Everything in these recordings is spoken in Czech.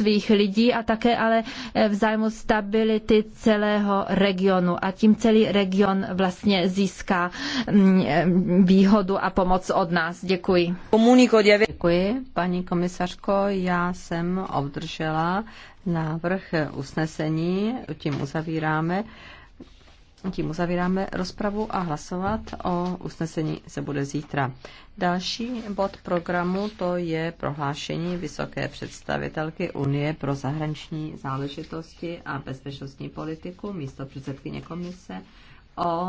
svých lidí a také ale eh, v zájmu stability celého regionu. A tím celý region vlastně získá mm, eh, výhodu a pomoc od nás. Děkuji. Děkuji, paní komisařko. Já jsem obdržela návrh usnesení, tím uzavíráme. Tím uzavíráme rozpravu a hlasovat o usnesení se bude zítra. Další bod programu to je prohlášení vysoké představitelky Unie pro zahraniční záležitosti a bezpečnostní politiku místo předsedkyně komise o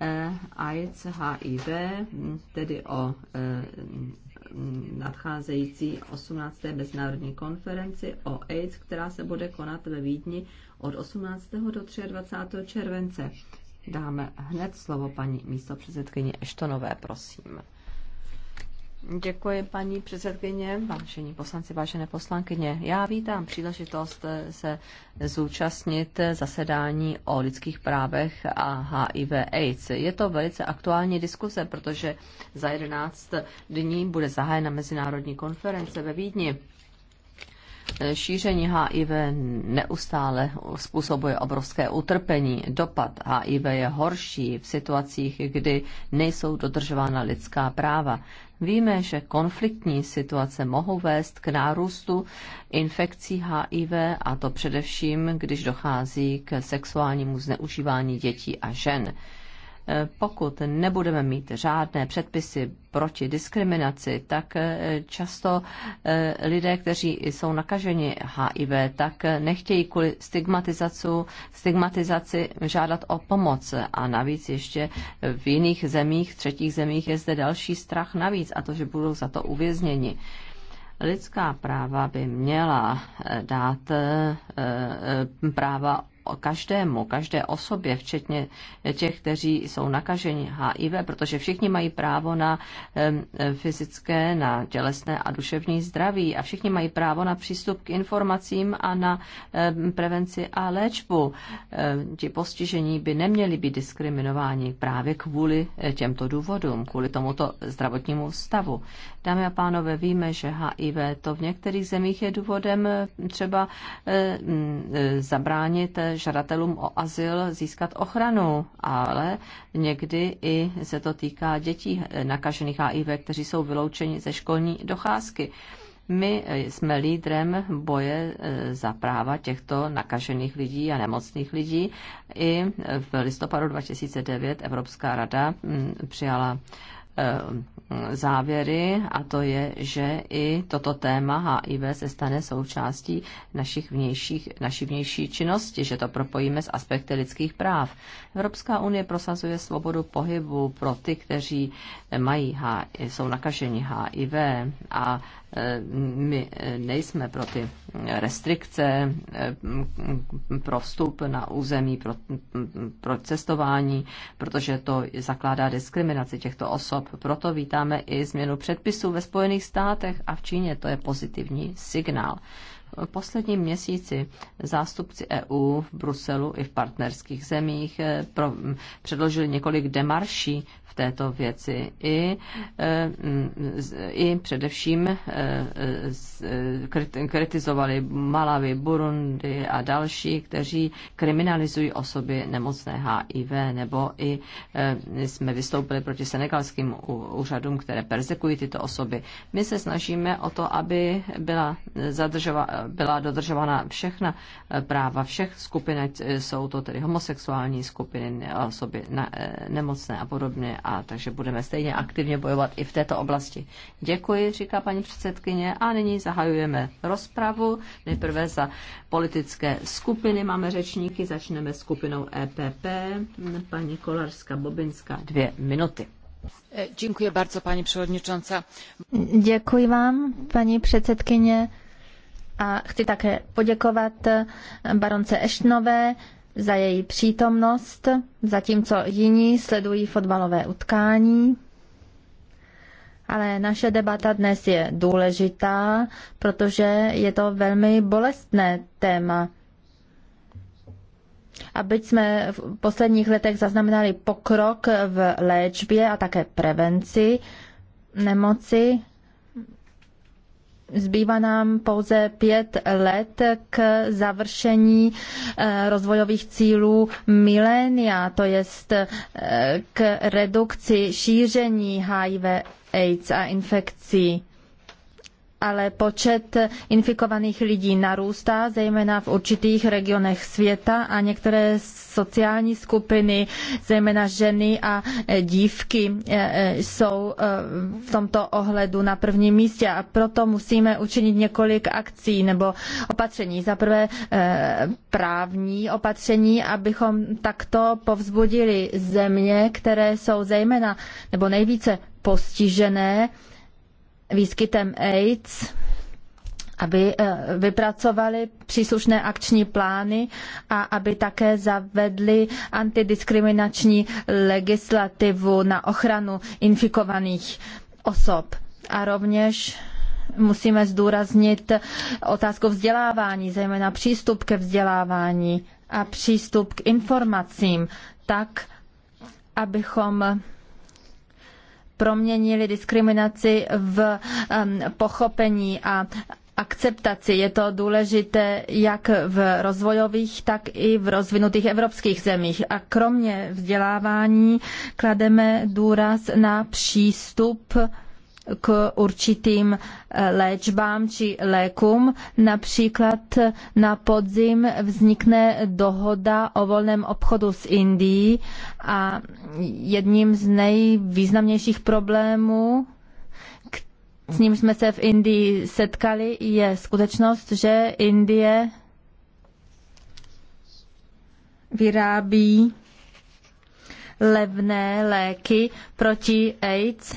eh, AIDS, HIV, tedy o eh, nadcházející 18. mezinárodní konferenci o AIDS, která se bude konat ve Vídni od 18. do 23. července. Dáme hned slovo paní předsedkyně. Eštonové, prosím. Děkuji, paní předsedkyně, vážení poslanci, vážené poslankyně. Já vítám příležitost se zúčastnit zasedání o lidských právech a HIV AIDS. Je to velice aktuální diskuse, protože za 11 dní bude zahájena mezinárodní konference ve Vídni Eh, šíření HIV neustále způsobuje obrovské utrpení. Dopad HIV je horší v situacích, kdy nejsou dodržována lidská práva. Víme, že konfliktní situace mohou vést k nárůstu infekcí HIV, a to především, když dochází k sexuálnímu zneužívání dětí a žen. Eh, pokud nebudeme mít žádné předpisy proti diskriminaci, tak eh, často eh, lidé, kteří jsou nakaženi HIV, tak nechtějí kvůli stigmatizaci, stigmatizaci žádat o pomoc. A navíc ještě v jiných zemích, třetích zemích je zde další strach navíc a to, že budou za to uvězněni lidská práva by měla dát práva každému, každé osobě, včetně těch, kteří jsou nakaženi HIV, protože všichni mají právo na fyzické, na tělesné a duševní zdraví a všichni mají právo na přístup k informacím a na prevenci a léčbu. Ti postižení by neměli být diskriminováni právě kvůli eh, těmto důvodům, kvůli tomuto zdravotnímu stavu. Dámy a pánové, víme, že HIV to v některých zemích je důvodem eh, třeba eh, zabránit žadatelům o azyl získat ochranu, ale někdy i se to týká dětí nakažených HIV, kteří jsou vyloučeni ze školní docházky. My jsme lídrem boje e, za práva těchto nakažených lidí a nemocných lidí. I v listopadu 2009 Evropská rada přijala Eh, závěry a to je, že i toto téma HIV se stane součástí našich vnějších, naší vnější činnosti, že to propojíme s aspekty lidských práv. Evropská unie prosazuje svobodu pohybu pro ty, kteří mají HIV, jsou nakaženi HIV a eh, my eh, nejsme pro ty restrikce eh, pro vstup na území, pro, pro cestování, protože to zakládá diskriminaci těchto osob. Proto vítáme i změnu předpisů ve Spojených státech a v Číně. To je pozitivní signál posledním měsíci zástupci EU v Bruselu i v partnerských zemích eh, pro, mm, předložili několik demarší v této věci i, eh, mm, i především eh, kritizovali Malavy, Burundi a další, kteří kriminalizují osoby nemocné HIV, nebo i jsme vystoupili proti senegalským úřadům, které persekují tyto osoby. My se snažíme o to, aby byla zadržova, byla dodržována všechna eh, práva všech skupin, ať eh, jsou to tedy homosexuální skupiny, osoby na, eh, nemocné a podobně, a takže budeme stejně aktivně bojovat i v této oblasti. Děkuji, říká paní předsedkyně, a nyní zahajujeme rozpravu. Nejprve za politické skupiny máme řečníky, začneme skupinou EPP, paní Kolarska Bobinská, dvě minuty. Děkuji bardzo, paní předsedkyně. Děkuji vám, paní předsedkyně a chci také poděkovat eh, baronce Eštnové za její přítomnost, zatímco jiní sledují fotbalové utkání. Ale naše debata dnes je důležitá, protože je to velmi bolestné téma. A byť jsme v posledních letech zaznamenali pokrok v léčbě a také prevenci nemoci, zbývá nám pouze pět let k završení eh, rozvojových cílů milénia, to jest eh, k redukci šíření HIV AIDS a infekcí ale počet infikovaných lidí narůstá, zejména v určitých regionech světa a některé sociální skupiny, zejména ženy a e, dívky, e, e, jsou v tomto ohledu na prvním místě a proto musíme učinit několik akcí nebo opatření. Za prvé právní opatření, abychom takto povzbudili země, které jsou zejména nebo nejvíce postižené, výskytem AIDS aby eh, vypracovali příslušné akční plány a aby také zavedli antidiskriminační legislativu na ochranu infikovaných osob. A rovněž musíme zdůraznit otázku vzdělávání, zejména přístup ke vzdělávání a přístup k informacím, tak abychom proměnili diskriminaci v pochopení a akceptaci. Je to důležité jak v rozvojových, tak i v rozvinutých evropských zemích. A kromě vzdělávání klademe důraz na přístup k určitým eh, léčbám či lékům. Například na podzim vznikne dohoda o volném obchodu s Indií a jedním z nejvýznamnějších problémů, s ním jsme se v Indii setkali, je skutečnost, že Indie vyrábí levné léky proti AIDS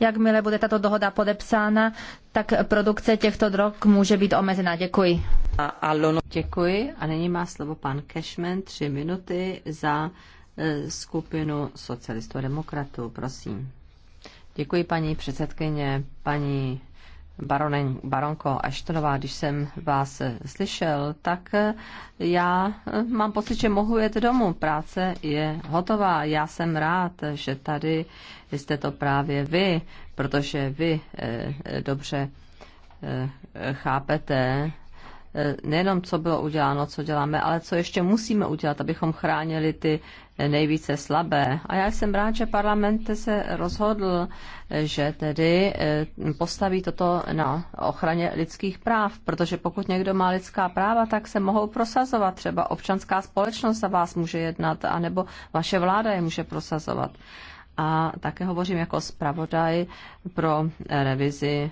Jakmile bude tato dohoda podepsána, tak produkce těchto drog může být omezena. Děkuji. Děkuji a nyní má slovo pan Cashman, tři minuty za e, skupinu socialistů a demokratů, prosím. Děkuji paní předsedkyně, paní baronen, baronko Ashtonová, když jsem vás slyšel, tak já mám pocit, že mohu jet domů. Práce je hotová. Já jsem rád, že tady jste to právě vy, protože vy eh, dobře eh, chápete eh, nejenom, co bylo uděláno, co děláme, ale co ještě musíme udělat, abychom chránili ty nejvíce slabé. A já jsem rád, že parlament se rozhodl, že tedy eh, postaví toto na ochraně lidských práv, protože pokud někdo má lidská práva, tak se mohou prosazovat. Třeba občanská společnost za vás může jednat, anebo vaše vláda je může prosazovat a také hovořím jako zpravodaj pro revizi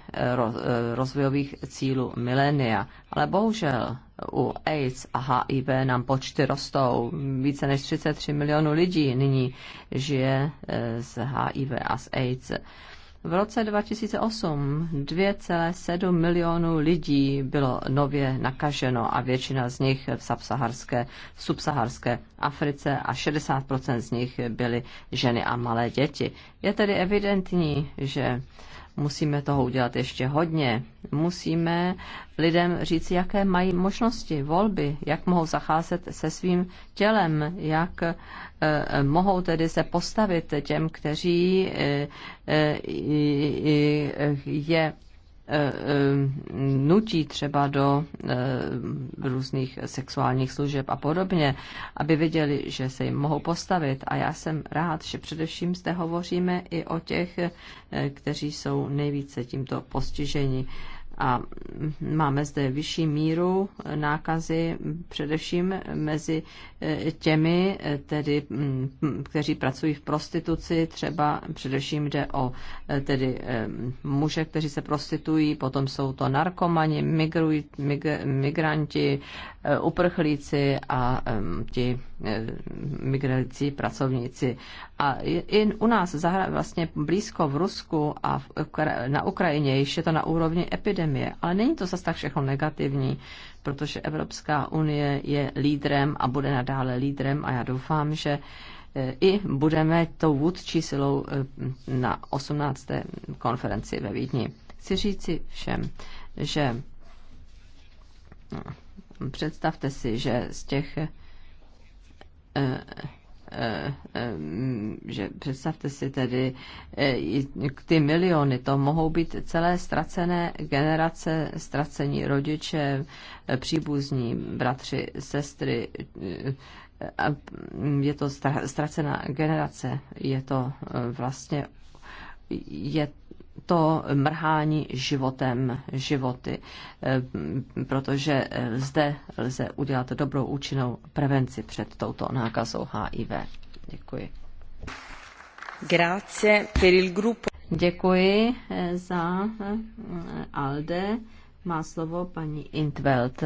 rozvojových cílů milénia. Ale bohužel u AIDS a HIV nám počty rostou. Více než 33 milionů lidí nyní žije eh, z HIV a z AIDS. V roce 2008 2,7 milionů lidí bylo nově nakaženo a většina z nich v subsaharské, v subsaharské Africe a 60% z nich byly ženy a malé děti. Je tedy evidentní, že Musíme toho udělat ještě hodně. Musíme lidem říct, jaké mají možnosti, volby, jak mohou zacházet se svým tělem, jak eh, mohou tedy se postavit těm, kteří eh, eh, je Eh, eh, nutí třeba do eh, různých sexuálních služeb a podobně, aby viděli, že se jim mohou postavit. A já jsem rád, že především zde hovoříme i o těch, kteří jsou nejvíce tímto postiženi a máme zde vyšší míru nákazy především mezi e, těmi, e, tedy, mm, kteří pracují v prostituci, třeba především jde o e, tedy muže, kteří se prostitují, potom jsou to narkomani, migruj, mig, migranti, uprchlíci a ti migrující pracovníci. A i u nás vlastně blízko v Rusku a na Ukrajině, ještě to na úrovni epidemie, epidemie. Ale není to zase tak všechno negativní, protože Evropská unie je lídrem a bude nadále lídrem a já doufám, že eh, i budeme tou vůdčí silou eh, na 18. konferenci ve Vídni. Chci říci všem, že eh, představte si, že z těch Eh, eh, mm, že představte si tedy eh, ty miliony, to mohou být celé ztracené generace, ztracení rodiče, příbuzní, bratři, sestry, je to ztracená generace, je to vlastně je to mrhání životem, životy, eh, protože eh, zde lze udělat dobrou účinnou prevenci před touto nákazou HIV. Děkuji. Grazie per il gruppo. Děkuji eh, za ALDE má slovo paní Intveld.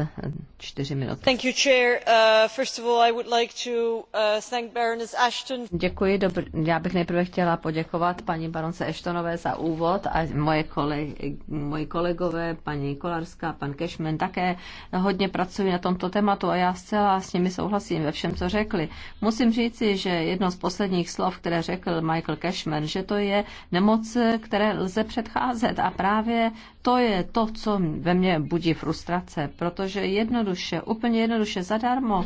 Čtyři minuty. Thank you, Chair. Uh, first of all, I would like to uh, thank Baroness Ashton. Děkuji. Dobr- Já bych nejprve chtěla poděkovat paní baronce Ashtonové za úvod a moje kole- moji kolegové, paní Kolarská, pan Cashman také hodně pracují na tomto tématu a já zcela s nimi souhlasím ve všem, co řekli. Musím říci, že jedno z posledních slov, které řekl Michael Cashman, že to je nemoc, které lze předcházet a právě to je to, co ve mně budí frustrace, protože jednoduše, úplně jednoduše, zadarmo,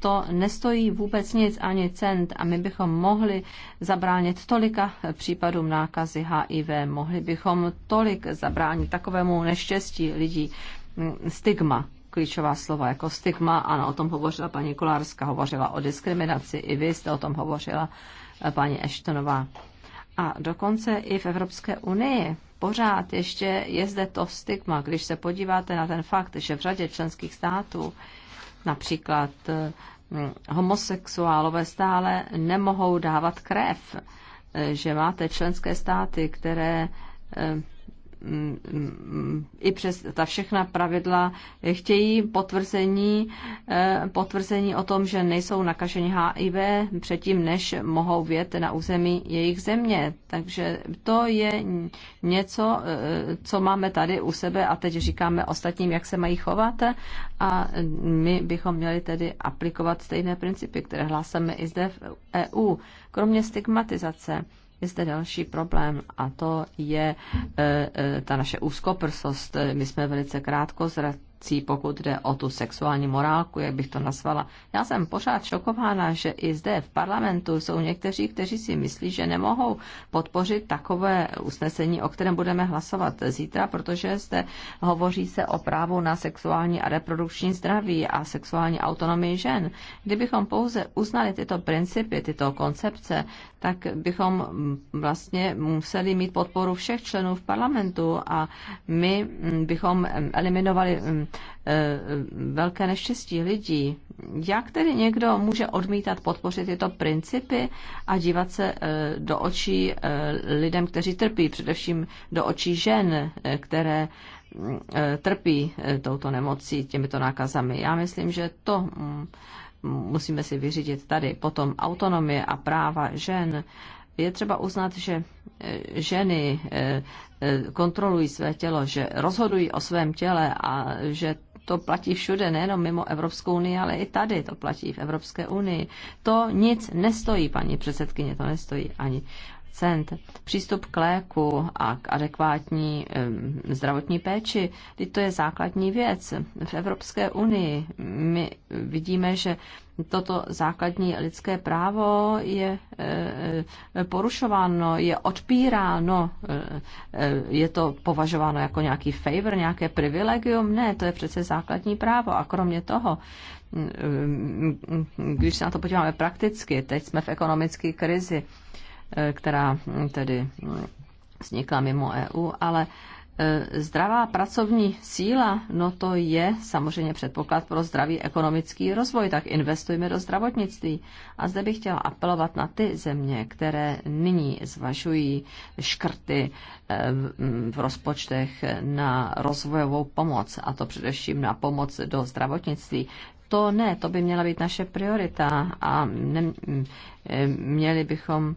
to nestojí vůbec nic ani cent a my bychom mohli zabránit tolika případům nákazy HIV, mohli bychom tolik zabránit takovému neštěstí lidí. Stigma, klíčová slova jako stigma, ano, o tom hovořila paní Kolárska, hovořila o diskriminaci, i vy jste o tom hovořila, paní Eštonová. A dokonce i v Evropské unii pořád ještě je zde to stigma, když se podíváte na ten fakt, že v řadě členských států například hm, homosexuálové stále nemohou dávat krev, že máte členské státy, které hm, i přes ta všechna pravidla chtějí potvrzení, eh, potvrzení o tom, že nejsou nakaženi HIV předtím, než mohou vjet na území jejich země. Takže to je něco, eh, co máme tady u sebe a teď říkáme ostatním, jak se mají chovat a my bychom měli tedy aplikovat stejné principy, které hlásáme i zde v EU. Kromě stigmatizace, je zde další problém a to je eh, eh, ta naše úzkoprsost. My jsme velice krátkozratí cí, pokud jde o tu sexuální morálku, jak bych to nazvala. Já jsem pořád šokována, že i zde v parlamentu jsou někteří, kteří si myslí, že nemohou podpořit takové usnesení, o kterém budeme hlasovat zítra, protože zde hovoří se o právu na sexuální a reprodukční zdraví a sexuální autonomii žen. Kdybychom pouze uznali tyto principy, tyto koncepce, tak bychom vlastně museli mít podporu všech členů v parlamentu a my bychom eliminovali mm, Eh, velké neštěstí lidí, jak tedy někdo může odmítat podpořit tyto principy a dívat se eh, do očí eh, lidem, kteří trpí, především do očí žen, které trpí touto nemocí, těmito nákazami. Já myslím, že to mm, musíme si vyřídit tady. Potom autonomie a práva žen. Je třeba uznat, že ženy Eh, kontrolují své tělo, že rozhodují o svém těle a že to platí všude, nejenom mimo Evropskou unii, ale i tady to platí v Evropské unii. To nic nestojí, paní předsedkyně, to nestojí ani cent Přístup k léku a k adekvátní zdravotní péči, to je základní věc. V Evropské unii my vidíme, že toto základní lidské právo je eh, porušováno, je odpíráno, eh, eh, je to považováno jako nějaký favor, nějaké privilegium. Ne, to je přece základní právo. A kromě toho, mm, mm, mm, když se na to podíváme prakticky, teď jsme v ekonomické krizi, Eh, která hm, tedy hm, vznikla mimo EU, ale eh, zdravá pracovní síla, no to je samozřejmě předpoklad pro zdravý ekonomický rozvoj, tak investujme do zdravotnictví. A zde bych chtěla apelovat na ty země, které nyní zvažují škrty eh, hm, v rozpočtech na rozvojovou pomoc, a to především na pomoc do zdravotnictví. To ne, to by měla být naše priorita a ne, měli bychom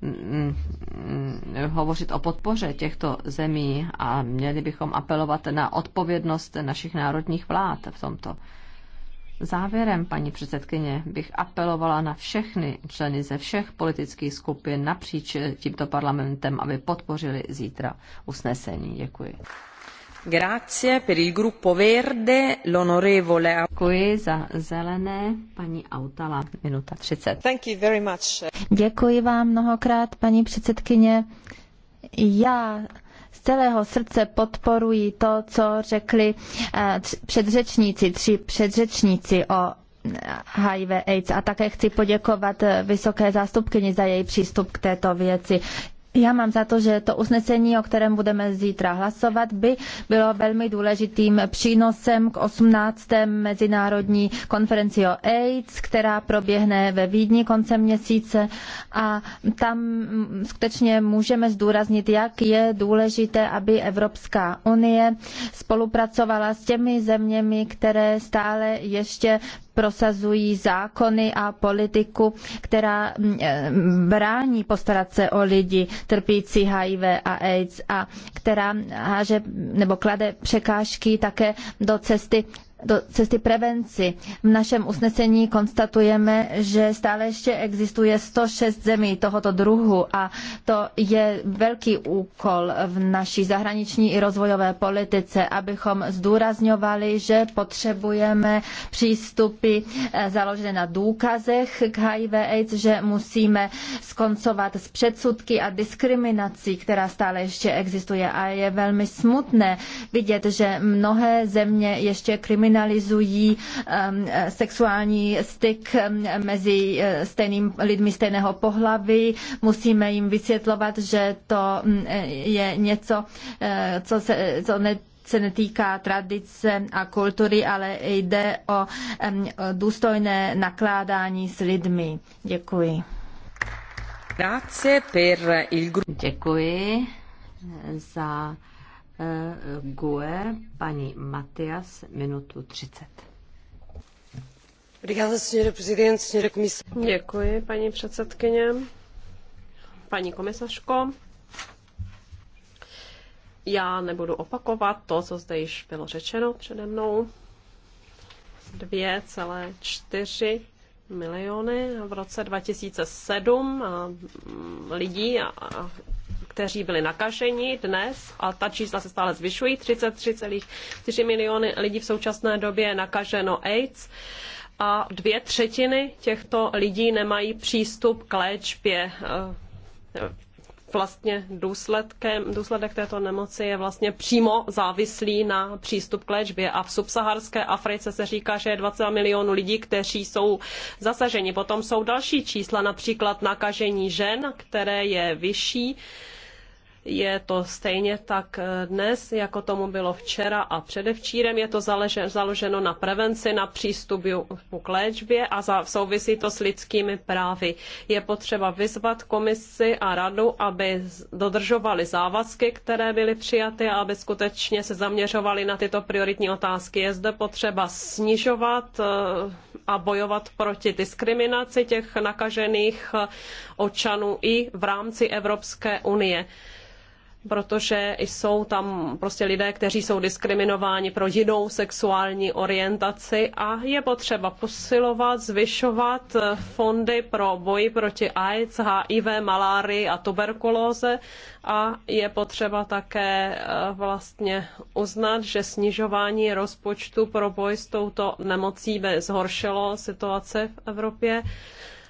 Mm, mm, hovořit o podpoře těchto zemí a měli bychom apelovat na odpovědnost našich národních vlád v tomto. Závěrem, paní předsedkyně, bych apelovala na všechny členy ze všech politických skupin napříč tímto parlamentem, aby podpořili zítra usnesení. Děkuji. Grazie per il gruppo verde, l'onorevole... zelené, paní Autala, minuta 30. Thank you very much. Děkuji vám mnohokrát, paní předsedkyně. Já z celého srdce podporuji to, co řekli eh, předřečníci, tři předřečníci o eh, HIV AIDS a také chci poděkovat eh, vysoké zástupkyni za její přístup k této věci. Já mám za to, že to usnesení, o kterém budeme zítra hlasovat, by bylo velmi důležitým přínosem k 18. mezinárodní konferenci o AIDS, která proběhne ve Vídni koncem měsíce a tam mm, skutečně můžeme zdůraznit, jak je důležité, aby Evropská unie spolupracovala s těmi zeměmi, které stále ještě prosazují zákony a politiku, která mm, eh, brání postarat se o lidi trpící HIV a AIDS a která háže nebo klade překážky také do cesty do cesty prevenci. V našem usnesení konstatujeme, že stále ještě existuje 106 zemí tohoto druhu a to je velký úkol v naší zahraniční i rozvojové politice, abychom zdůrazňovali, že potřebujeme přístupy eh, založené na důkazech k HIV AIDS, že musíme skoncovat s předsudky a diskriminací, která stále ještě existuje a je velmi smutné vidět, že mnohé země ještě kriminalizují kriminalizují ehm, sexuální styk ehm, mezi eh, stejným lidmi stejného pohlaví. Musíme jim vysvětlovat, že to mm, eh, je něco, eh, co se co ne, se netýká tradice a kultury, ale jde o ehm, důstojné nakládání s lidmi. Děkuji. Děkuji za Eh, GUE, paní Matias, minutu 30. Děkuji, paní předsedkyně. Paní komisařko, já nebudu opakovat to, co zde již bylo řečeno přede mnou. 2,4 miliony v roce 2007 eh, lidí a kteří byli nakaženi dnes, a ta čísla se stále zvyšují, 33,4 miliony lidí v současné době je nakaženo AIDS a dvě třetiny těchto lidí nemají přístup k léčbě eh, vlastně důsledkem, důsledek této nemoci je vlastně přímo závislý na přístup k léčbě. A v subsaharské Africe se říká, že je 20 milionů lidí, kteří jsou zasaženi. Potom jsou další čísla, například nakažení žen, které je vyšší je to stejně tak eh, dnes, jako tomu bylo včera a předevčírem. Je to založeno na prevenci, na přístupu k léčbě a souvisí to s lidskými právy. Je potřeba vyzvat komisi a radu, aby dodržovali závazky, které byly přijaty a aby skutečně se zaměřovali na tyto prioritní otázky. Je zde potřeba snižovat eh, a bojovat proti diskriminaci těch nakažených eh, občanů i v rámci Evropské unie protože jsou tam prostě lidé, kteří jsou diskriminováni pro jinou sexuální orientaci a je potřeba posilovat, zvyšovat fondy pro boj proti AIDS, HIV, malárii a tuberkulóze a je potřeba také eh, vlastně uznat, že snižování rozpočtu pro boj s touto nemocí by zhoršilo situaci v Evropě.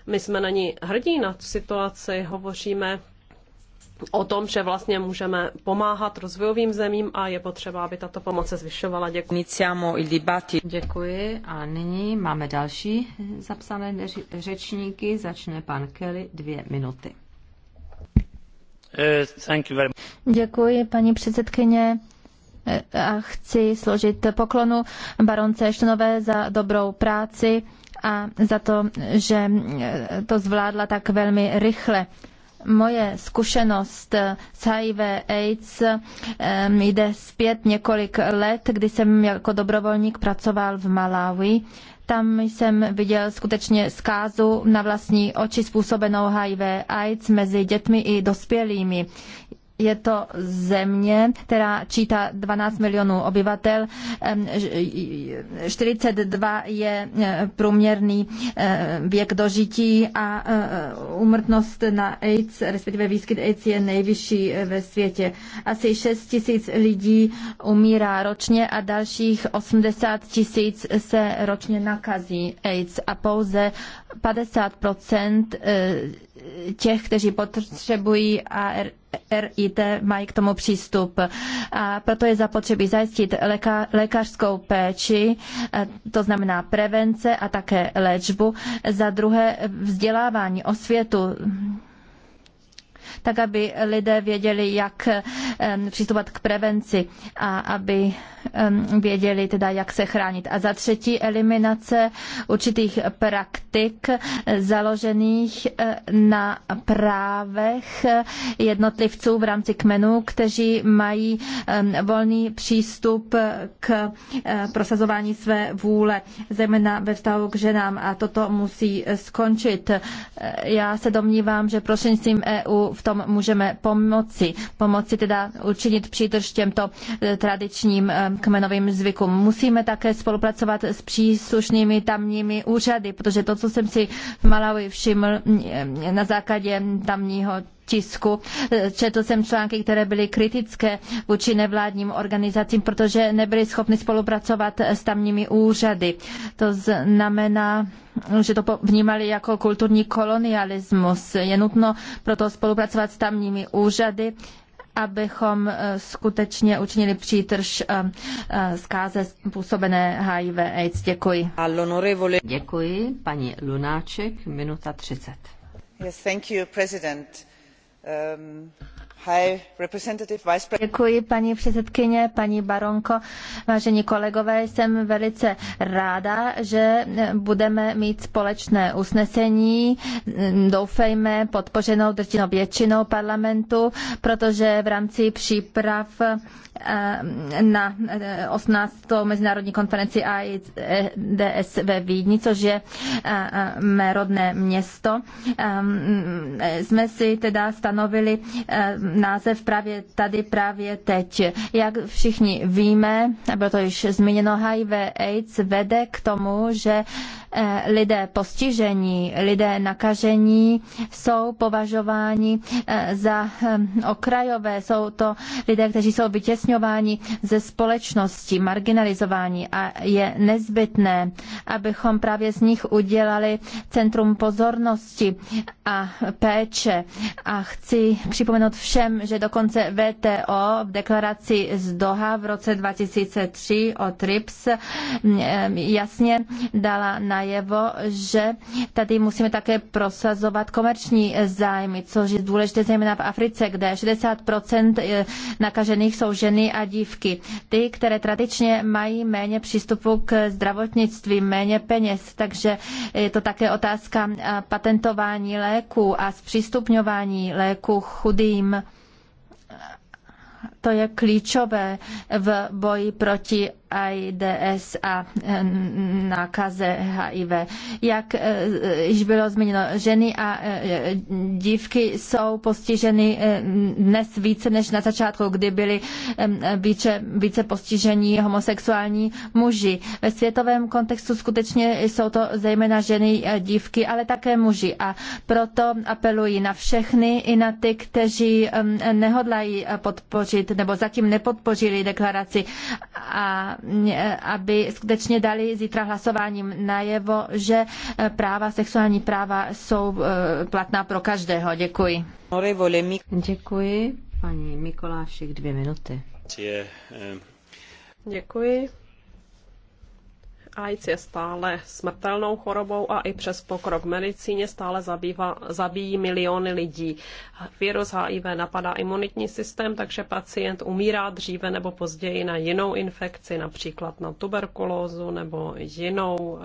My jsme na ní hrdí na tu situaci, hovoříme o tom, že vlastně můžeme pomáhat rozvojovým zemím a je potřeba, aby tato pomoc se zvyšovala. Děkuji. Děkuji a nyní máme další zapsané řečníky. Začne pan Kelly dvě minuty. Eh, Děkuji, paní předsedkyně eh, a chci složit poklonu baronce Eštonové za dobrou práci a za to, že eh, to zvládla tak velmi rychle. Moje zkušenost s HIV AIDS jde zpět několik let, kdy jsem jako dobrovolník pracoval v Malawi. Tam jsem viděl skutečně zkázu na vlastní oči způsobenou HIV AIDS mezi dětmi i dospělými je to země, která čítá 12 milionů obyvatel, 42 je e, průměrný e, věk dožití a e, úmrtnost na AIDS, respektive výskyt AIDS je nejvyšší ve světě. Asi 6 tisíc lidí umírá ročně a dalších 80 tisíc se ročně nakazí AIDS a pouze 50 těch, kteří potřebují ART, RIT mají k tomu přístup. A proto je zapotřebí zajistit léka, lékařskou péči, to znamená prevence a také léčbu. Za druhé vzdělávání, osvětu tak aby lidé věděli, jak přistupovat k prevenci a aby věděli teda, jak se chránit. A za třetí eliminace určitých praktik založených eh, na právech jednotlivců v rámci kmenů, kteří mají volný přístup k eh, prosazování své vůle, zejména ve vztahu k ženám a toto musí skončit. Eh, já se domnívám, že prostřednictvím EU v tom můžeme pomoci. Pomoci teda učinit přítrž těmto eh, tradičním eh, kmenovým zvykům. Musíme také spolupracovat s příslušnými tamními úřady, protože to, co jsem si v Malawi všiml eh, na základě tamního tisku. Četl jsem články, které byly kritické vůči nevládním organizacím, protože nebyly schopny spolupracovat s tamními úřady. To znamená, že to vnímali jako kulturní kolonialismus. Je nutno proto spolupracovat s tamními úřady, abychom eh, skutečně učinili přítrž eh, eh, zkáze způsobené HIV AIDS. Děkuji. Děkuji, paní Lunáček, minuta 30. Yes, thank you, president. Um, Děkuji, paní předsedkyně, paní baronko, vážení kolegové. Jsem velice ráda, že budeme mít společné usnesení, doufejme podpořenou drtinou většinou parlamentu, protože v rámci příprav na 18. Eh, mezinárodní konferenci AIDS ve Vídni, což je eh, mé rodné město. Eh, jsme si teda stanovili název právě tady, právě teď. Jak všichni víme, bylo to již zmíněno, HIV AIDS vede k tomu, že Eh, lidé postižení, lidé nakažení jsou považováni eh, za hm, okrajové. Jsou to lidé, kteří jsou vytěsňováni ze společnosti, marginalizováni a je nezbytné, abychom právě z nich udělali centrum pozornosti a péče. A chci připomenout všem, že dokonce VTO v deklaraci z Doha v roce 2003 o TRIPS jasně dala na najevo, že tady musíme také prosazovat komerční zájmy, což je důležité zejména v Africe, kde 60 eh, nakažených jsou ženy a dívky. Ty, které tradičně mají méně přístupu k zdravotnictví, méně peněz, takže je to také otázka eh, patentování léků a zpřístupňování léků chudým to je klíčové v boji proti AIDS a eh, nákaze HIV. Jak eh, již bylo zmíněno, ženy a eh, dívky jsou postiženy dnes více než na začátku, kdy byly více, více postižení homosexuální muži. Ve světovém kontextu skutečně jsou to zejména ženy, a dívky, ale také muži. A proto apeluji na všechny i na ty, kteří nehodlají podpořit nebo zatím nepodpořili deklaraci a aby skutečně dali zítra hlasováním najevo, že práva, sexuální práva jsou e, platná pro každého. Děkuji. Děkuji. Paní Mikolášek, dvě minuty. Děkuji. AIDS je stále smrtelnou chorobou a i přes pokrok v medicíně stále zabývá, zabíjí miliony lidí. Virus HIV napadá imunitní systém, takže pacient umírá dříve nebo později na jinou infekci, například na tuberkulózu nebo jinou um,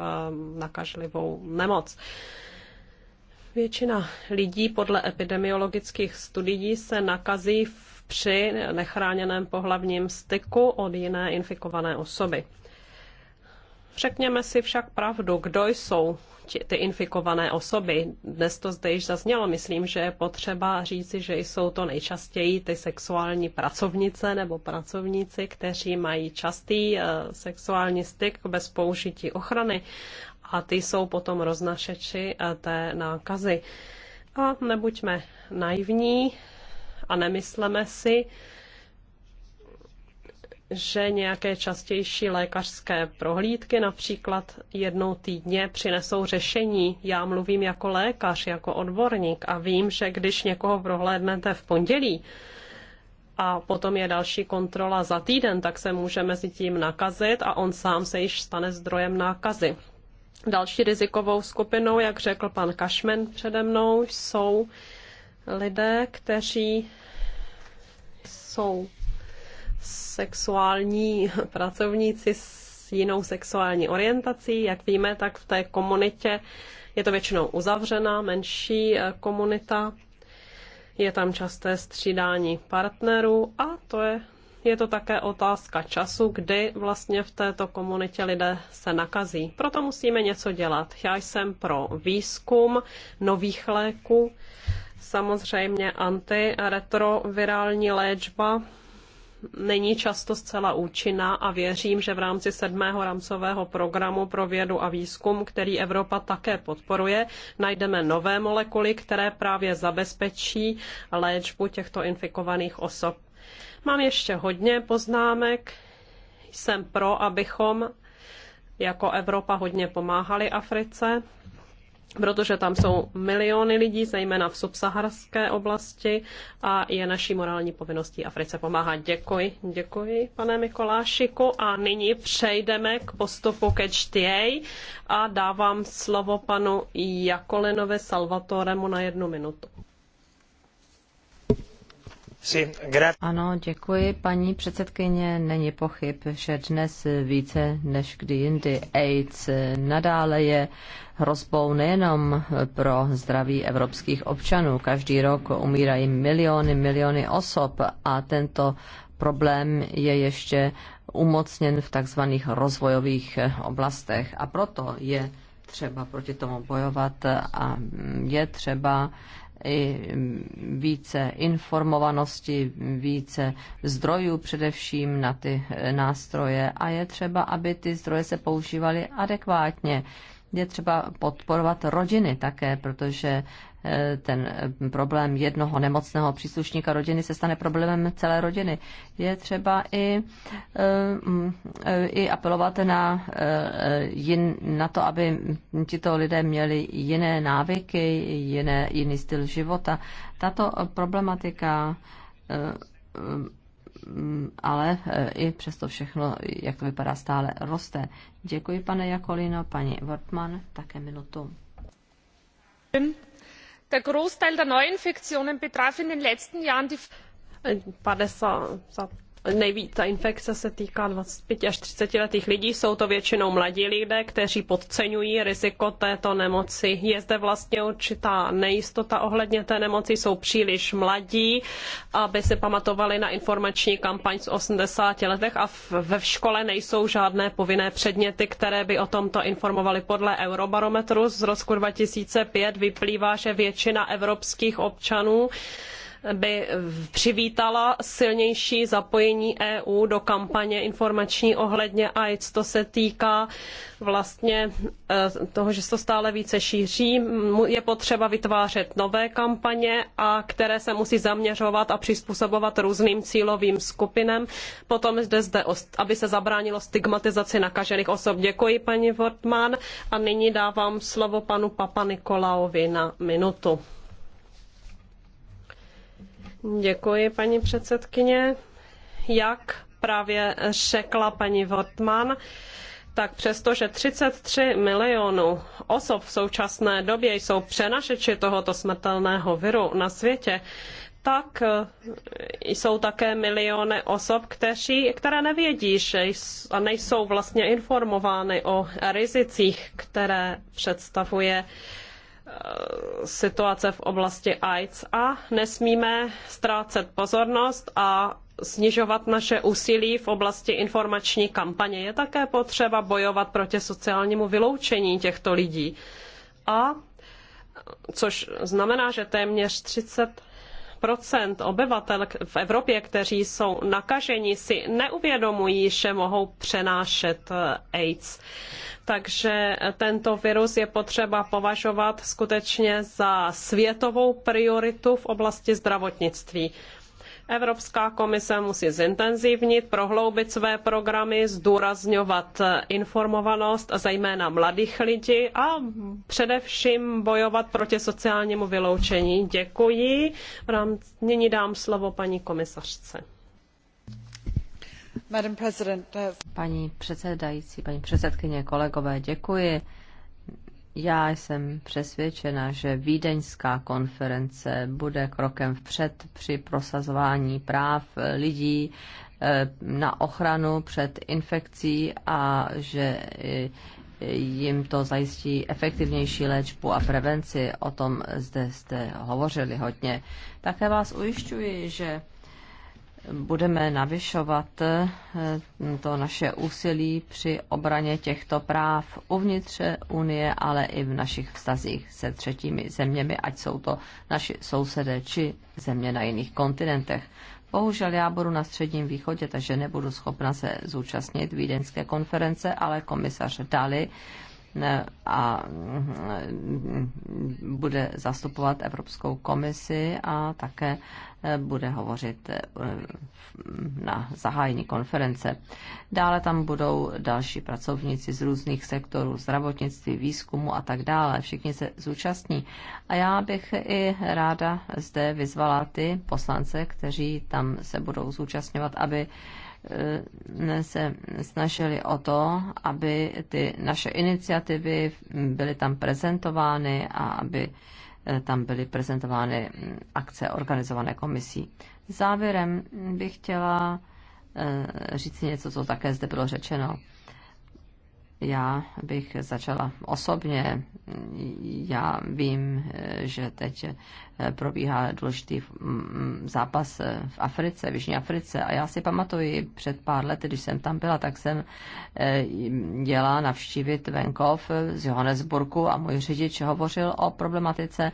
nakažlivou nemoc. Většina lidí podle epidemiologických studií se nakazí v při nechráněném pohlavním styku od jiné infikované osoby. Řekněme si však pravdu, kdo jsou ty infikované osoby. Dnes to zde již zaznělo. Myslím, že je potřeba říci, že jsou to nejčastěji ty sexuální pracovnice nebo pracovníci, kteří mají častý eh, sexuální styk bez použití ochrany a ty jsou potom roznašeči eh, té nákazy. A nebuďme naivní a nemysleme si, že nějaké častější lékařské prohlídky, například jednou týdně, přinesou řešení. Já mluvím jako lékař, jako odborník a vím, že když někoho prohlédnete v pondělí, a potom je další kontrola za týden, tak se může mezi tím nakazit a on sám se již stane zdrojem nákazy. Další rizikovou skupinou, jak řekl pan Kašmen přede mnou, jsou lidé, kteří jsou sexuální pracovníci s jinou sexuální orientací. Jak víme, tak v té komunitě je to většinou uzavřená, menší eh, komunita. Je tam časté střídání partnerů a to je, je to také otázka času, kdy vlastně v této komunitě lidé se nakazí. Proto musíme něco dělat. Já jsem pro výzkum nových léků, samozřejmě antiretrovirální léčba není často zcela účinná a věřím, že v rámci sedmého rámcového programu pro vědu a výzkum, který Evropa také podporuje, najdeme nové molekuly, které právě zabezpečí léčbu těchto infikovaných osob. Mám ještě hodně poznámek. Jsem pro, abychom jako Evropa hodně pomáhali Africe protože tam jsou miliony lidí, zejména v subsaharské oblasti a je naší morální povinností Africe pomáhat. Děkuji, děkuji, pane Mikolášiku. A nyní přejdeme k postupu ke čtěj a dávám slovo panu Jakolinovi Salvatoremu na jednu minutu. Ano, děkuji, paní předsedkyně. Není pochyb, že dnes více než kdy jindy AIDS nadále je hrozbou nejenom pro zdraví evropských občanů. Každý rok umírají miliony, miliony osob a tento problém je ještě umocněn v takzvaných rozvojových oblastech. A proto je třeba proti tomu bojovat a je třeba i více informovanosti, více zdrojů především na ty nástroje a je třeba, aby ty zdroje se používaly adekvátně je třeba podporovat rodiny také, protože eh, ten eh, problém jednoho nemocného příslušníka rodiny se stane problémem celé rodiny. Je třeba i, eh, mm, i apelovat na, jin, na to, aby tito lidé měli jiné návyky, jiné, jiný styl života. Tato problematika Mm, ale eh, i přesto všechno, jak to vypadá, stále roste. Děkuji, pane Jakolino, paní Wortmann, také minutu. Der Großteil der Neuinfektionen betraf in den letzten Jahren die eh, Nejvíc ta infekce se týká 25 až 30 letých lidí, jsou to většinou mladí lidé, kteří podceňují riziko této nemoci. Je zde vlastně určitá nejistota ohledně té nemoci, jsou příliš mladí, aby si pamatovali na informační kampaň z 80 letech a ve škole nejsou žádné povinné předměty, které by o tomto informovali. Podle Eurobarometru z roku 2005 vyplývá, že většina evropských občanů by přivítala silnější zapojení EU do kampaně informační ohledně AIDS. To se týká vlastně eh, toho, že se to stále více šíří. Je potřeba vytvářet nové kampaně, a které se musí zaměřovat a přizpůsobovat různým cílovým skupinám. Potom zde, zde aby se zabránilo stigmatizaci nakažených osob. Děkuji, paní Wortmann. A nyní dávám slovo panu Papa Nikolaovi na minutu. Děkuji, paní předsedkyně. Jak právě řekla paní Wortmann, tak přestože 33 milionů osob v současné době jsou přenašeči tohoto smrtelného viru na světě, tak jsou také miliony osob, kteří, které nevědí a nejsou vlastně informovány o rizicích, které představuje uh, situace v oblasti AIDS a nesmíme ztrácet pozornost a snižovat naše úsilí v oblasti informační kampaně. Je také potřeba bojovat proti sociálnímu vyloučení těchto lidí. A což znamená, že téměř 30 Procent obyvatel v Evropě, kteří jsou nakaženi, si neuvědomují, že mohou přenášet eh, AIDS. Takže eh, tento virus je potřeba považovat skutečně za světovou prioritu v oblasti zdravotnictví. Evropská komise musí zintenzivnit, prohloubit své programy, zdůrazňovat informovanost, zejména mladých lidí a především bojovat proti sociálnímu vyloučení. Děkuji. Nyní dám slovo paní komisařce. Uh, paní předsedající, paní předsedkyně, kolegové, děkuji já jsem přesvědčena, že Vídeňská konference bude krokem vpřed při prosazování práv lidí eh, na ochranu před infekcí a že eh, jim to zajistí efektivnější léčbu a prevenci. O tom zde jste hovořili hodně. Také vás ujišťuji, že budeme navyšovat eh, to naše úsilí při obraně těchto práv uvnitř Unie, ale i v našich vztazích se třetími zeměmi, ať jsou to naši sousedé či země na jiných kontinentech. Bohužel já budu na Středním východě, takže nebudu schopna se zúčastnit vídeňské konference, ale komisař Dali eh, a eh, bude zastupovat Evropskou komisi a také bude hovořit eh, na zahájení konference. Dále tam budou další pracovníci z různých sektorů, zdravotnictví, výzkumu a tak dále. Všichni se zúčastní. A já bych i ráda zde vyzvala ty poslance, kteří tam se budou zúčastňovat, aby eh, se snažili o to, aby ty naše iniciativy byly tam prezentovány a aby Eh, tam byly prezentovány mm, akce organizované komisí. Závěrem bych chtěla eh, říct něco, co také zde bylo řečeno. Já bych začala osobně. Já vím, že teď eh, probíhá důležitý mm, mm, zápas eh, v Africe, v Jižní Africe. A já si pamatuji, před pár lety, když jsem tam byla, tak jsem dělala eh, navštívit venkov z Johannesburgu a můj řidič hovořil o problematice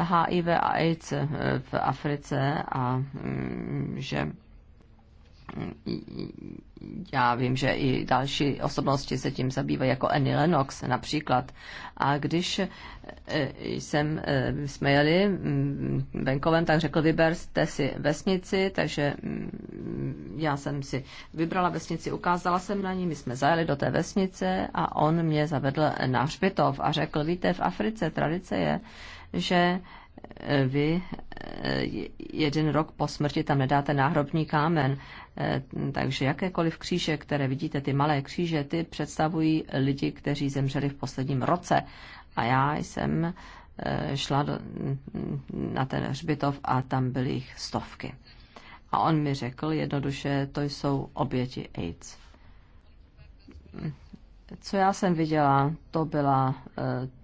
HIV a AIDS v Africe a mm, že já vím, že i další osobnosti se tím zabývají, jako Annie Lennox například. A když eh, jsem, eh, jsme jeli mm, venkovem, tak řekl, vyberte si vesnici, takže mm, já jsem si vybrala vesnici, ukázala jsem na ní, my jsme zajeli do té vesnice a on mě zavedl na hřbitov a řekl, víte, v Africe tradice je, že vy eh, jeden rok po smrti tam nedáte náhrobní kámen. Eh, takže jakékoliv kříže, které vidíte, ty malé kříže, ty představují lidi, kteří zemřeli v posledním roce. A já jsem eh, šla do, na ten hřbitov a tam byly jich stovky. A on mi řekl jednoduše, to jsou oběti AIDS co já jsem viděla, to byla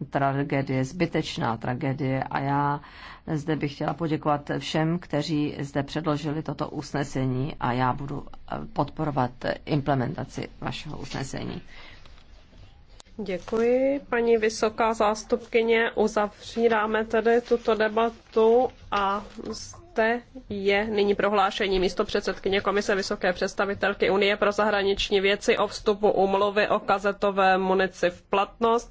e, tragédie, zbytečná tragédie a já zde bych chtěla poděkovat všem, kteří zde předložili toto usnesení a já budu eh, podporovat implementaci vašeho usnesení. Děkuji, paní vysoká zástupkyně. Uzavříráme tedy tuto debatu a Poté je nyní prohlášení místo předsedkyně Komise Vysoké představitelky Unie pro zahraniční věci o vstupu umluvy o kazetové munici v platnost.